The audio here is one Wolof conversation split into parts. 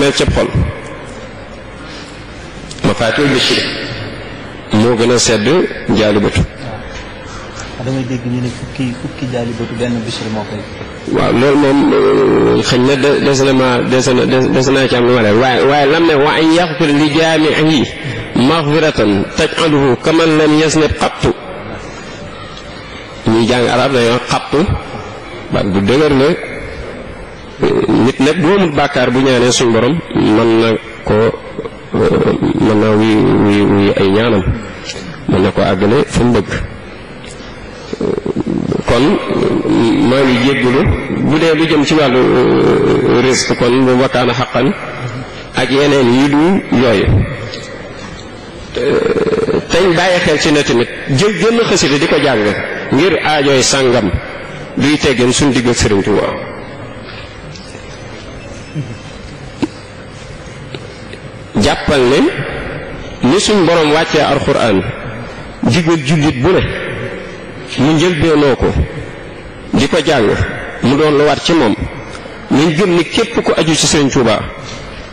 mel cëb xol ma faatoo bëccëg moo gën a sedd jaali bëtu damay dégg ñu ne fukki benn bisir moo koy waaw loolu moom euh, xëy na des na ma des na des naa ci am lu ma leer waaye waaye lam ne wa an yaxfir li jaamihi maxfiratan tajaluhu kaman lam yasnib xattu ñuy jàng arab dañoo xattu baat bu dëgër la nit nag bu amul bàkkaar bu ñaanee suñ borom man na ko mën na wuy wuy ay ñaanam mën na ko àggale fu mu bëgg kon maa ngi jéggulu bu dee lu jëm ci wàllu euh, risque kon bu wakkaana xaqan ak yeneen yi du yooyu euh, teñ bàyyi xel ci ne tamit jël gën xasida di ko jàng ngir aajooy sàngam duy teggin suñ digg Sëriñ Tuubaa jàppal ne ni suñ borom wàccee alxuraan digal jullit bu ne mu njëlbeenoo ko di ko jàng mu doon lu ci moom nañ gëm ni képp ku aju ci Sëriñ Tuuba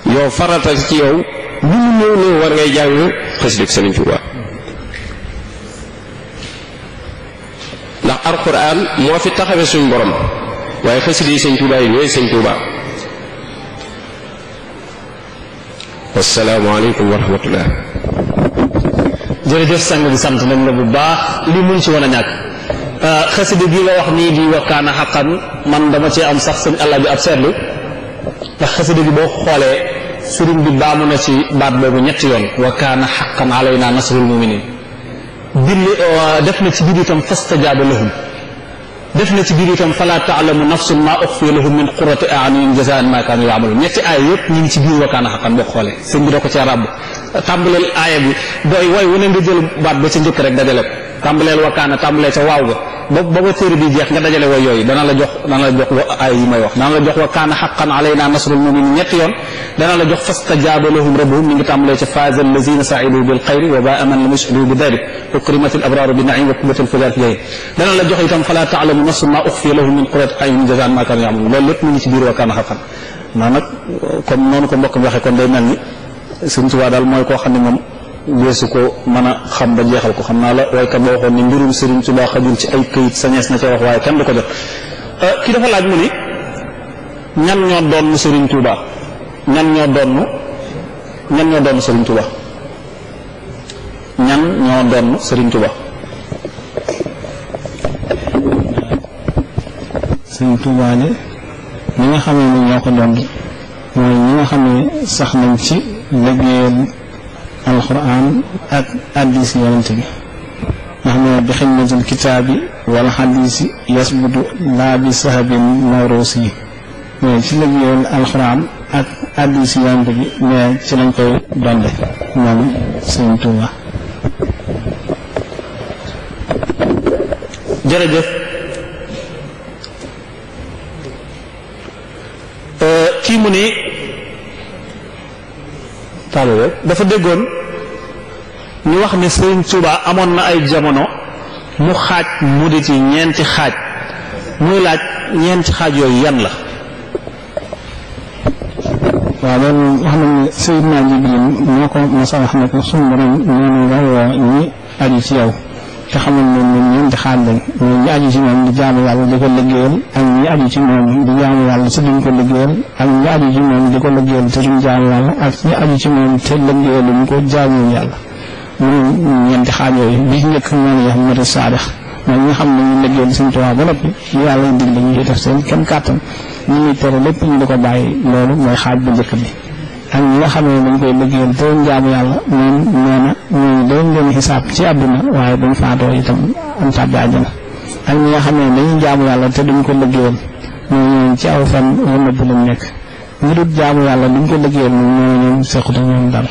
yow farata ci yow lu mu néew néew war ngay jàng xasida Sëriñ Tuuba ndax alxuraan moo fi taxawe suñ borom waaye xasida yi Sëriñ Tuuba yi ñooy Sëriñ Tuuba wasalaamaaleykum wa rahmatullah jërëjëf sang bi sant nañ bu baax li mun ci wan a ñàkk euh, xasida gi nga wax nii di wakkaana xaqan man dama cee am sax sëñ àlla bi ab seetlu ndax xasida gi boo xoolee sëriñ bi baamu na ci baat boobu ñetti yoon wakkaana xaqan alay naa nasrul muminin bind euh, def na ci biir itam fastajaaba def na ci biir itam falaa taalamu nafsun maa uxfiya lahum min qurrati a'yunin jazaan maa kaanu yaamaluun ñetti aaya yëpp ñu ci biir wakaana xaqan boo xoolee sëñ bi da ko cee ràbb tàmbaleel aaya bi booy way wane nga jël baat ba ca njëkk rek dajale ko tàmbaleel wakaana tàmbalee ca waaw ga بابا تير بي جيخ غدا جالي ويوي دانا لا جوخ دانا لا جوخ اي ما يوخ دانا لا جوخ وكان حقا علينا نصر المؤمنين نيت يون دانا جوخ فاستجاب لهم ربهم نيغي تاملو سي فاز الذين سعدوا بالخير وباء من لم بذلك اكرمت الابرار بنعيم وكبت الفلاح ليه دانا لا جوخ ايتام فلا تعلم نص ما اخفي لهم من قرات اي جزاء ما كان يعمل لول لب نيغي سي بير وكان حقا نانا كوم نونو كو مبوك واخي كون داي ملني سيرن توبا دال موي كو خاني موم weesu ko mën xam ba jeexal ko xam na la way kat boo waxoon ni mbirum Serigne Touba xajul ci ay keuyit sa sañees na ci wax way kan du ko euh ki dafa laaj mu ni ñan ñoo doon Serigne Touba ñan ñoo doon ñan ñoo doon Serigne Touba ñan ñoo doon Serigne Touba. Serigne Touba ne ñi nga xamé ñoko doon moy ñi nga xamé sax nañ ci liggéeyam. alquran ak addis yonent bi ndax moo bi xidmatil kitaabi wala xadisi yasbudu laa bi sahabin mawrusi mais ci liggéeyal alquran ak addis yonent bi mais ci lañ koy donde moom sëñ Tuuba jërëjëf euh, kii mu ne dafa déggoon ñu wax ni Sëriñ Tuubaa amoon na ay jamono mu xaaj mu di ci ñeenti xaaj muy laaj ñeenti xaaj yooyu yan la waaw loolu wax nañ ne Seydina Jibril moo ko mos a wax ne ko suñu borom noonu nga woo ñi aju ci yow te xamal ne ñun ñeenti xaaj lañ ñi aju ci moom di jaamu yàlla di ko liggéeyal ak ñi aju ci moom di jaamu yàlla te duñ ko liggéeyal ak ñi aju ci moom di ko liggéeyal te duñ jaamu yàlla ak ñi aju ci moom te liggéeyaluñ ko jaamu yàlla ñun ñeenti xaaj yooyu bi ci njëkk moom la ñu wax mari saadix mooy ñi nga xam ne ñu liggéeyal Sëñ Tuubaa ba noppi yàlla ñu digle ñu ci def seen kenn kàttan ñu ko bàyyi loolu mooy xaaj bu njëkk bi. ak ñi nga xam ne dañ koy liggéeyal te jaamu yàlla ñun nee na ñooñu doon ne dañuy jaamu yàlla te duñ ko liggéeyal ñooñu ci aw fan wala bu leen nekk ñu dul jaamu yàlla duñ ko liggéeyal ñoom ñoom sequt ak ñoom dara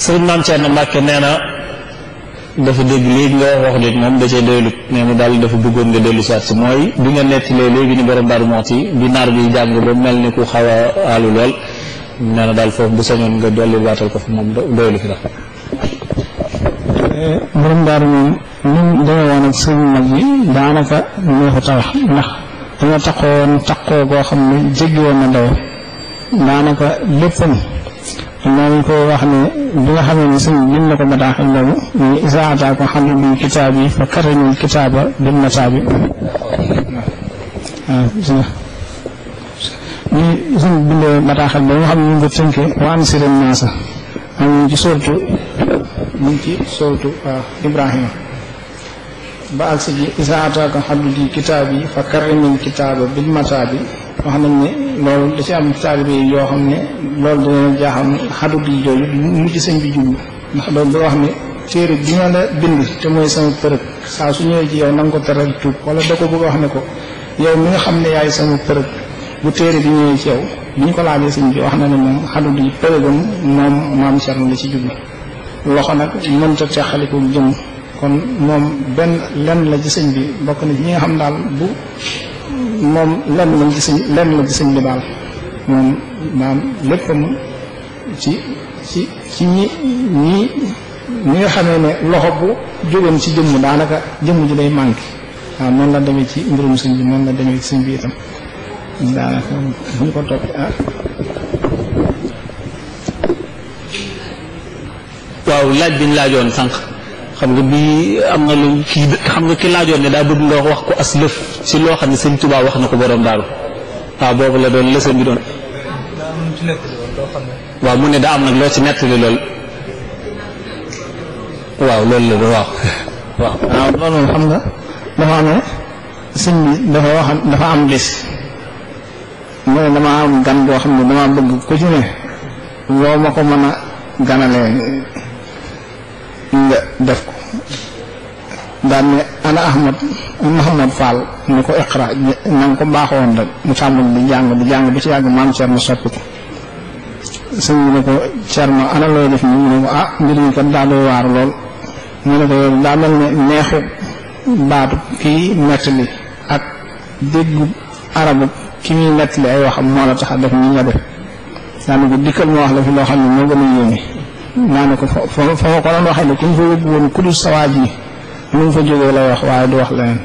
sëriñ maam Thierno Mbacke nee na dafa dégg léegi nga wax wax léegi moom da cee doylu nee na daal dafa bëggoon nga dellu si waat si mooy bi nga nettalee léegi ni borom Daaru Muxti naar bi jàng ba mel ni ku xaw a aalu lool nee daal foofu bu sañoon nga dolli waatal ko fi moom doylu fi dafa eh, borom daaru moom ñun demee woon ak sëriñ mag yi daanaka neexut a wax ndax dañoo taqoo woon taqoo koo xam ne jéggi woon na ndaw daanaka léppam maa noonu ko wax ne bi nga xamee ne sëñ ko bataaxal boobu ñu isaata ko xam ne bii kitaab yi fa karañul kitaaba bil mataabi waaw gis nga ñu ngi ci sortu ñu ci sortu waaw ah, Ibrahima ba ak mataabi wax nañ ne loolu da ci am taalibe yoo xam ne loolu dana jaaxal xadub di jooju mujj sëñ bi jublu ndax loolu da wax ne téere bi ma la bind te mooy sama su ñëwee ci yow ko teral tuub wala da ko bëgg a ne ko yow mi nga xam ne yaay sama përëg bu téere bi ñëwee ci yow bi ñu ko laajee sëñ bi wax na ne moom xadub yi përëgam moom maam Cerno la ci jublu loxo nag mënta teqaliku jëm kon moom benn lenn la ci sëñ bi bokk na ñi nga xam daal bu moom lenn lañ ci sëñ lenn lañ ci sëñ bi moom maam léppam ci ci ci ñi ñi ñi nga xamee ne loxo bu jógoon ci jëmm daanaka jëmm ji day manqué waaw noonu la demee ci mbirum sëñ bi noonu la demee ci bi itam daanaka bu ñu ko topp ah. waaw laaj bi ñu laajoon sànq xam nga bii am na lu kii xam nga ki laajoon ne daa bëgg nga wax ko as si loo xam ne sëñ Tuubaa wax na ko borom daaru waaw boobu la doon lësën bi doon waaw mu ne daa am nag loo ci loolu la waaw waaw loolu moom xam nga dafa am ma ko mën a ganalee nga def ko daan ne ana Ahmad Mouhamad Fall ni ko iqra na nga ko baaxoon rek mu tàmbal di jàng di jàng ba ci yàgg maam Cerno soppi ko sëñ bi ne ko Cerno ana looy def ni mu ne ko ah mbir mi ko daa mel neexu baatu kii nettali ak déggu arabu ki muy nettali ay waxam moo la tax a def ni nga def daanaka dikkal ma wax la fi loo xam ne moo gën a yéeme naa na ko fa fa fa ko doon waxee ne ku ñu fa yóbbu mu fa jógee la wax waaye du wax leneen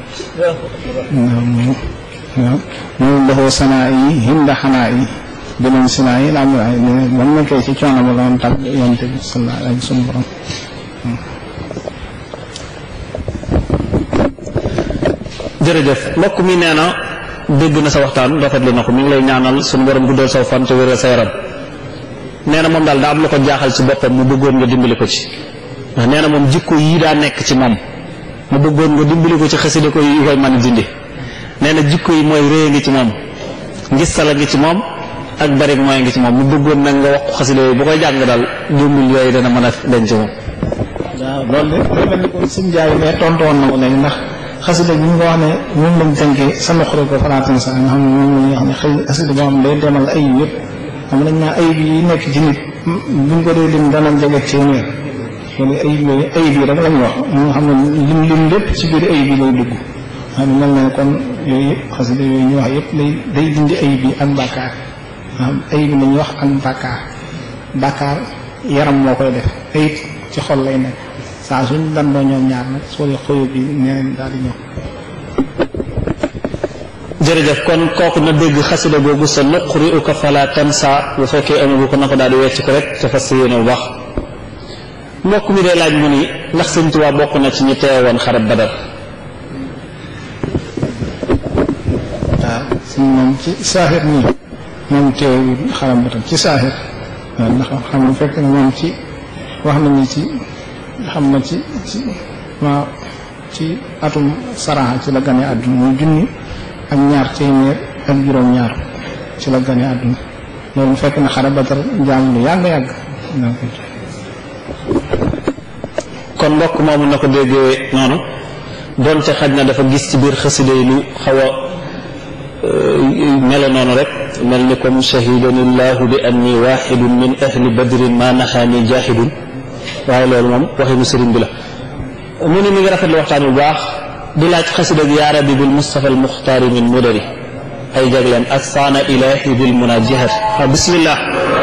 moom dafa sanaa yi hinda xanaa yi jëloon sinaa yi laam ay ba mu ci coono ba doon tag yonte bi sallallahu alayhi wa sallam jërëjëf mbokk mi nee na dégg na sa waxtaan rafetlu na ko mi ngi lay ñaanal suñu borom guddal saw fan te wéral sa yaram nee na moom daal daa am lu ko jaaxal ci boppam mu bëggoon nga dimbali ko ci ndax nee na moom jikko yii daa nekk ci moom mu bëggoon nga dimbali ko ci xasida ko yi koy man a dindi nee na jikko yi mooy réy ngi ci moom ngis sala ngi ci moom ak bari mooy ngi ci moom mu bëggoon nag nga wax ko koy jàng daal jumbul yooyu dana mën a denc loolu de mel ni kon na ko léegi ndax xasida bi ñu ko wax ne moom sama xure ko falaatan sa nga xam ne xëy xasida boo day demal ay yëpp xam nañ naa ayib yi nekk ci nit buñ ko dee lim danañ jege téeméer wala ayib yooyu ayib yi rek lañ wax mu nga xam ne lim lim lépp ci biir ayib yi lay dugg xam mel ne kon yooyu xasida yooyu ñu wax yëpp day day dindi ayib yi ak bàkkaar xam ayib yi lañuy wax ak bàkkaar bàkkaar yaram moo koy def ayib ci xol lay nekk saa suñ dandoo ñoom ñaar nag soo dee xoyo bi neen daal di ñëw jërëjëf kon kooku na dégg xasida boobu sa nuqri'uka fala tansa bu fekkee amagu ko na ko daal di wecc ko rek te fas yéene bu baax mbokk mi dee laaj mu ni ndax Sëñ Tuubaa bokk na ci ñi teewoon xarab Badar waaw ah, suñ moom ci saaxir nii moom teewu xarab Badar ci saaxir waaw ah, ndax xam ne fekk na moom ci wax nañu ci xam na ci ci waaw ci ci la gane àdduna muy junni ak ñaar téeméer ak juróom-ñaar ci la gane àdduna loolu fekk na xare Badar jaam lu yàgg yàgg kon mbokk moomu na ko déggee noonu donte xaj na dafa gis ci biir xasida yi lu xaw a euh, noonu rek mel ni comme shahidani llahu bi anni waxidun min ahli badrin ma naxaani jaahidun waaye loolu moom waxi mu sëriñ bi la mu ne mi ngi rafetlu waxtaan bu baax بلاد قصيدة يا ربي بالمصطفى المختار من مدري أي جغلا أثانا إلهي بالمناجهة بسم الله